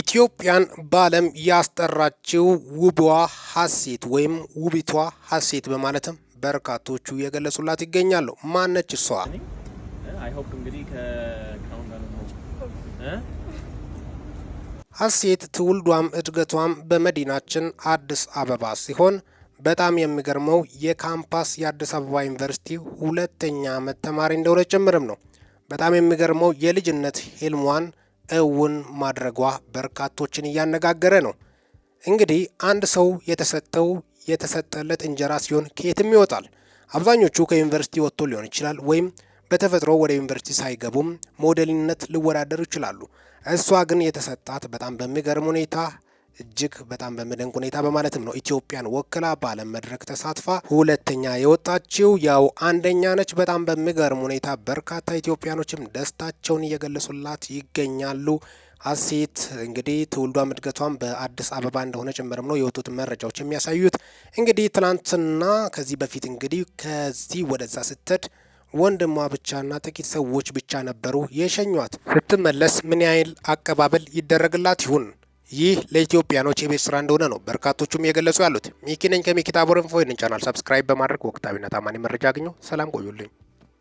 ኢትዮጵያን በዓለም ያስጠራችው ውቧ ሀሴት ወይም ውቢቷ ሀሴት በማለትም በርካቶቹ እየገለጹላት ይገኛሉ። ማነች እሷ? ሀሴት ትውልዷም እድገቷም በመዲናችን አዲስ አበባ ሲሆን በጣም የሚገርመው የካምፓስ የአዲስ አበባ ዩኒቨርሲቲ ሁለተኛ ዓመት ተማሪ እንደሆነ ጭምርም ነው። በጣም የሚገርመው የልጅነት ሄልሟን እውን ማድረጓ በርካቶችን እያነጋገረ ነው። እንግዲህ አንድ ሰው የተሰጠው የተሰጠለት እንጀራ ሲሆን ከየትም ይወጣል። አብዛኞቹ ከዩኒቨርሲቲ ወጥቶ ሊሆን ይችላል ወይም በተፈጥሮ ወደ ዩኒቨርሲቲ ሳይገቡም ሞዴልነት ሊወዳደሩ ይችላሉ። እሷ ግን የተሰጣት በጣም በሚገርም ሁኔታ እጅግ በጣም በሚደንቅ ሁኔታ በማለትም ነው ኢትዮጵያን ወክላ በዓለም መድረክ ተሳትፋ ሁለተኛ የወጣችው ያው አንደኛ ነች። በጣም በሚገርም ሁኔታ በርካታ ኢትዮጵያኖችም ደስታቸውን እየገለጹላት ይገኛሉ። ሀሴት እንግዲህ ትውልዷም እድገቷም በአዲስ አበባ እንደሆነ ጭምርም ነው የወጡት መረጃዎች የሚያሳዩት። እንግዲህ ትናንትና ከዚህ በፊት እንግዲህ ከዚህ ወደዛ ስትሄድ ወንድሟ ብቻና ጥቂት ሰዎች ብቻ ነበሩ የሸኟት። ስትመለስ ምን ያህል አቀባበል ይደረግላት ይሁን? ይህ ለኢትዮጵያኖች የቤት ስራ እንደሆነ ነው በርካቶቹም እየገለጹ ያሉት። ሚኪ ነኝ ከሚኪ ይህንን ቻናል ሰብስክራይብ በማድረግ ወቅታዊና ታማኝ መረጃ አግኙ። ሰላም ቆዩልኝ።